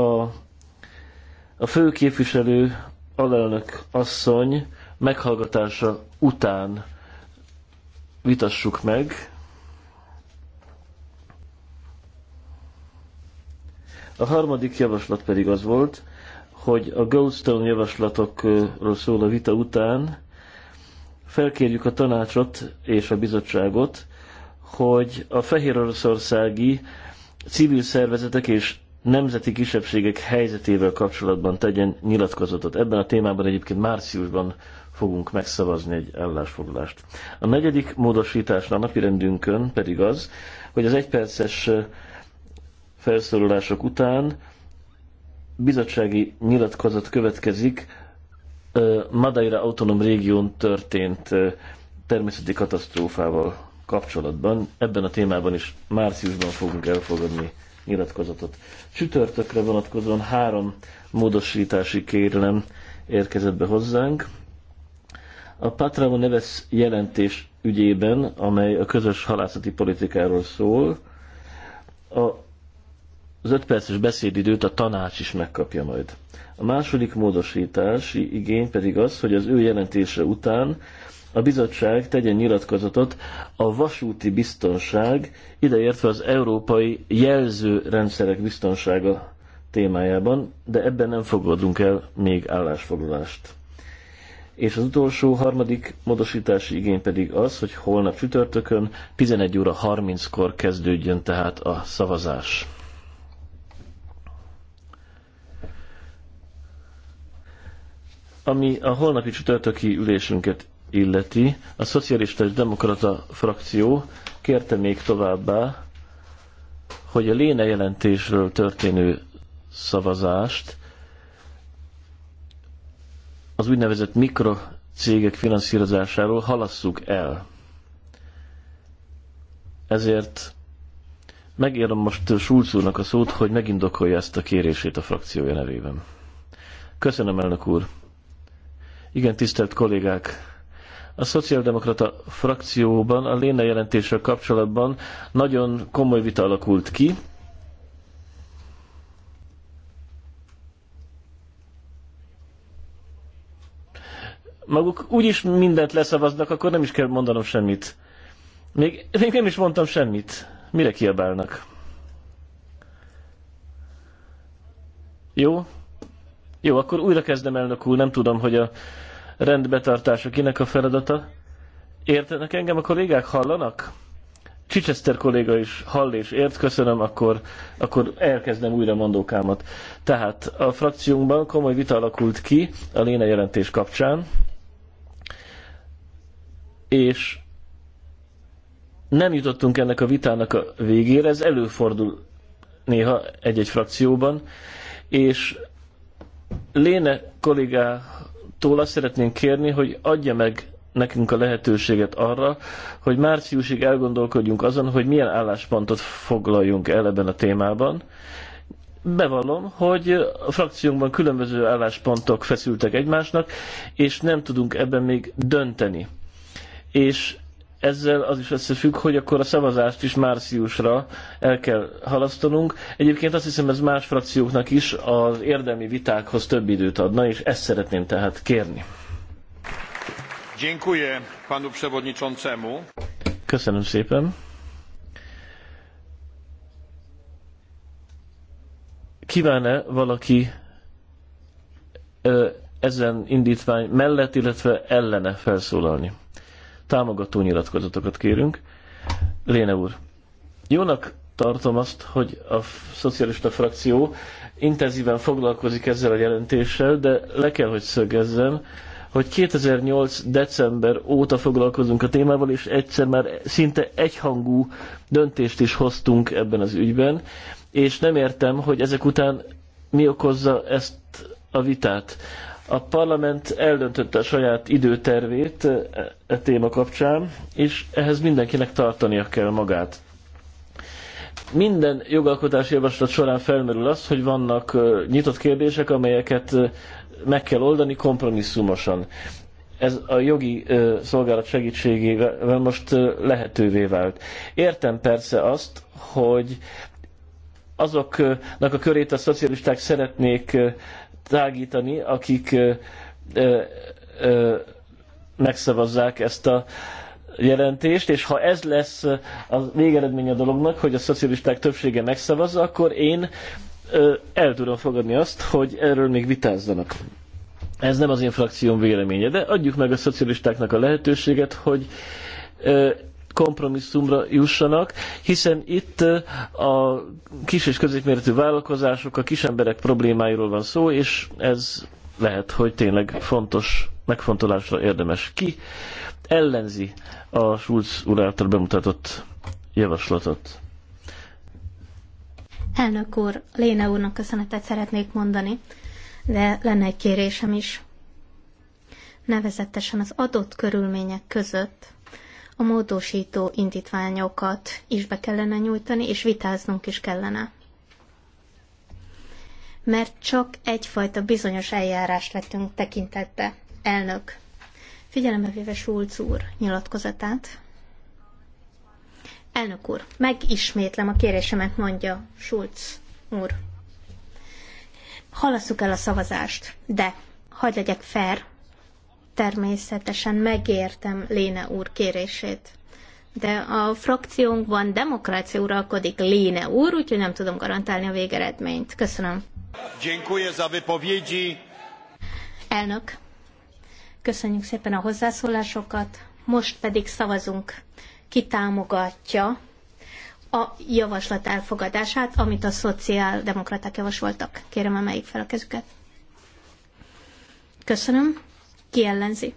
a, a fő képviselő alelnök asszony meghallgatása után vitassuk meg. A harmadik javaslat pedig az volt, hogy a Goldstone javaslatokról szól a vita után felkérjük a tanácsot és a bizottságot, hogy a fehér oroszországi civil szervezetek és nemzeti kisebbségek helyzetével kapcsolatban tegyen nyilatkozatot. Ebben a témában egyébként márciusban fogunk megszavazni egy állásfoglalást. A negyedik módosítás a napirendünkön pedig az, hogy az egyperces felszólalások után bizottsági nyilatkozat következik Madeira autonóm régión történt természeti katasztrófával kapcsolatban. Ebben a témában is márciusban fogunk elfogadni nyilatkozatot. Csütörtökre vonatkozóan három módosítási kérelem érkezett be hozzánk. A Patrao Neves jelentés ügyében, amely a közös halászati politikáról szól, a, az öt perces beszédidőt a tanács is megkapja majd. A második módosítási igény pedig az, hogy az ő jelentése után a bizottság tegyen nyilatkozatot a vasúti biztonság, ideértve az európai jelzőrendszerek biztonsága témájában, de ebben nem fogadunk el még állásfoglalást. És az utolsó, harmadik módosítási igény pedig az, hogy holnap csütörtökön 11 óra 30-kor kezdődjön tehát a szavazás. Ami a holnapi csütörtöki ülésünket illeti, a Szocialista és Demokrata frakció kérte még továbbá, hogy a léne jelentésről történő szavazást az úgynevezett mikrocégek finanszírozásáról halasszuk el. Ezért megírom most Sulc úrnak a szót, hogy megindokolja ezt a kérését a frakciója nevében. Köszönöm, elnök úr! Igen, tisztelt kollégák! A szociáldemokrata frakcióban a Léna jelentéssel kapcsolatban nagyon komoly vita alakult ki. Maguk úgyis mindent leszavaznak, akkor nem is kell mondanom semmit. Még, még nem is mondtam semmit. Mire kiabálnak? Jó? Jó, akkor újra kezdem, elnök úr. Nem tudom, hogy a rendbetartása kinek a feladata? Értenek engem a kollégák? Hallanak? Csicseszter kolléga is hall és ért, köszönöm, akkor, akkor elkezdem újra mondókámat. Tehát a frakciónkban komoly vita alakult ki a léne jelentés kapcsán, és nem jutottunk ennek a vitának a végére, ez előfordul néha egy-egy frakcióban, és Léne kollégá tól azt szeretnénk kérni, hogy adja meg nekünk a lehetőséget arra, hogy márciusig elgondolkodjunk azon, hogy milyen álláspontot foglaljunk el ebben a témában. Bevallom, hogy a frakciónkban különböző álláspontok feszültek egymásnak, és nem tudunk ebben még dönteni. És ezzel az is összefügg, hogy akkor a szavazást is márciusra el kell halasztanunk. Egyébként azt hiszem ez más frakcióknak is az érdemi vitákhoz több időt adna, és ezt szeretném tehát kérni. Dziękuję panu przewodniczącemu. Köszönöm szépen. Kíván-e valaki ezen indítvány mellett, illetve ellene felszólalni? támogató nyilatkozatokat kérünk. Léne úr, jónak tartom azt, hogy a szocialista frakció intenzíven foglalkozik ezzel a jelentéssel, de le kell, hogy szögezzem, hogy 2008. december óta foglalkozunk a témával, és egyszer már szinte egyhangú döntést is hoztunk ebben az ügyben, és nem értem, hogy ezek után mi okozza ezt a vitát. A parlament eldöntötte a saját időtervét e, e téma kapcsán, és ehhez mindenkinek tartania kell magát. Minden jogalkotási javaslat során felmerül az, hogy vannak e, nyitott kérdések, amelyeket e, meg kell oldani kompromisszumosan. Ez a jogi szolgálat segítségével most lehetővé vált. Értem persze azt, hogy azoknak a körét a szocialisták szeretnék tágítani, akik ö, ö, ö, megszavazzák ezt a jelentést, és ha ez lesz a végeredmény a dolognak, hogy a szocialisták többsége megszavazza, akkor én ö, el tudom fogadni azt, hogy erről még vitázzanak. Ez nem az én frakcióm véleménye, de adjuk meg a szocialistáknak a lehetőséget, hogy kompromisszumra jussanak, hiszen itt a kis és középméretű vállalkozások, a kis emberek problémáiról van szó, és ez lehet, hogy tényleg fontos megfontolásra érdemes. Ki ellenzi a Schulz úr által bemutatott javaslatot? Elnök úr, Léne úrnak köszönetet szeretnék mondani, de lenne egy kérésem is. Nevezetesen az adott körülmények között a módosító indítványokat is be kellene nyújtani, és vitáznunk is kellene. Mert csak egyfajta bizonyos eljárás lettünk tekintette. Elnök, figyelembe véve Schulz úr nyilatkozatát, Elnök úr, megismétlem a kérésemet, mondja Schulz úr. Halasszuk el a szavazást, de hagyj legyek fair, Természetesen megértem Léne úr kérését. De a frakciónkban demokrácia uralkodik Léne úr, úgyhogy nem tudom garantálni a végeredményt. Köszönöm. Dziękuję za wypowiedzi. Elnök, köszönjük szépen a hozzászólásokat, most pedig szavazunk, ki támogatja a javaslat elfogadását, amit a szociáldemokraták javasoltak. Kérem, emeljék fel a kezüket. Köszönöm kiellenzi.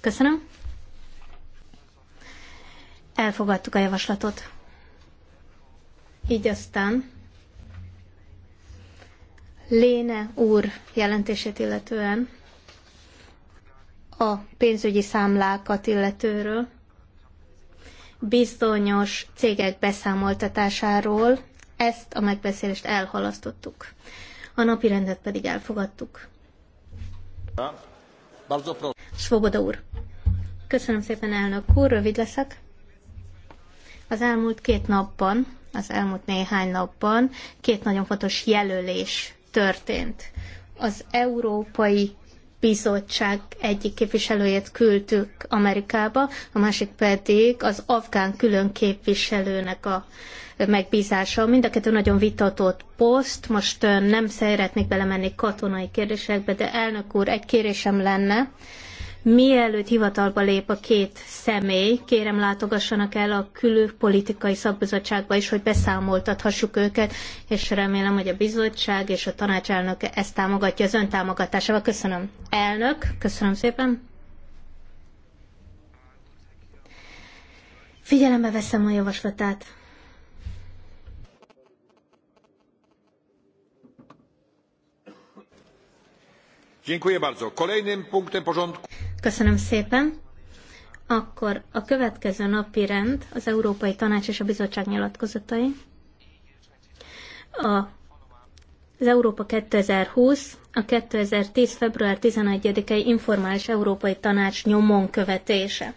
Köszönöm. Elfogadtuk a javaslatot. Így aztán Léne úr jelentését illetően a pénzügyi számlákat illetőről, bizonyos cégek beszámoltatásáról, ezt a megbeszélést elhalasztottuk. A napi rendet pedig elfogadtuk. Svoboda úr. Köszönöm szépen, elnök úr, rövid leszek. Az elmúlt két napban, az elmúlt néhány napban két nagyon fontos jelölés történt. Az Európai bizottság egyik képviselőjét küldtük Amerikába, a másik pedig az afgán külön képviselőnek a megbízása. Mind a kettő nagyon vitatott poszt, most nem szeretnék belemenni katonai kérdésekbe, de elnök úr, egy kérésem lenne, Mielőtt hivatalba lép a két személy, kérem látogassanak el a külpolitikai szakbizottságba is, hogy beszámoltathassuk őket, és remélem, hogy a bizottság és a tanácselnöke ezt támogatja az ön támogatásával. Köszönöm. Elnök, köszönöm szépen. Figyelembe veszem a javaslatát. Dziękuję bardzo. Kolejnym punktem porządku Köszönöm szépen. Akkor a következő napi rend az Európai Tanács és a Bizottság nyilatkozatai. A, az Európa 2020, a 2010. február 11-i informális Európai Tanács nyomon követése.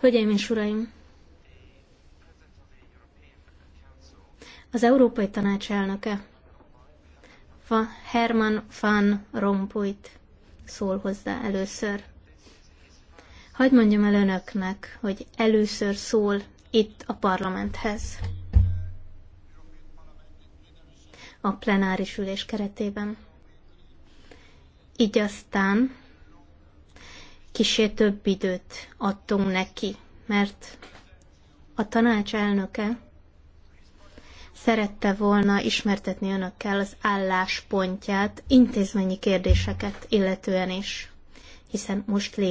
Hölgyeim és Uraim! Az Európai Tanács elnöke Herman van Rompuyt szól hozzá először. Hagy mondjam el önöknek, hogy először szól itt a parlamenthez. A plenáris ülés keretében. Így aztán kisé több időt adtunk neki, mert a tanács elnöke Szerette volna ismertetni önökkel az álláspontját intézményi kérdéseket illetően is, hiszen most lép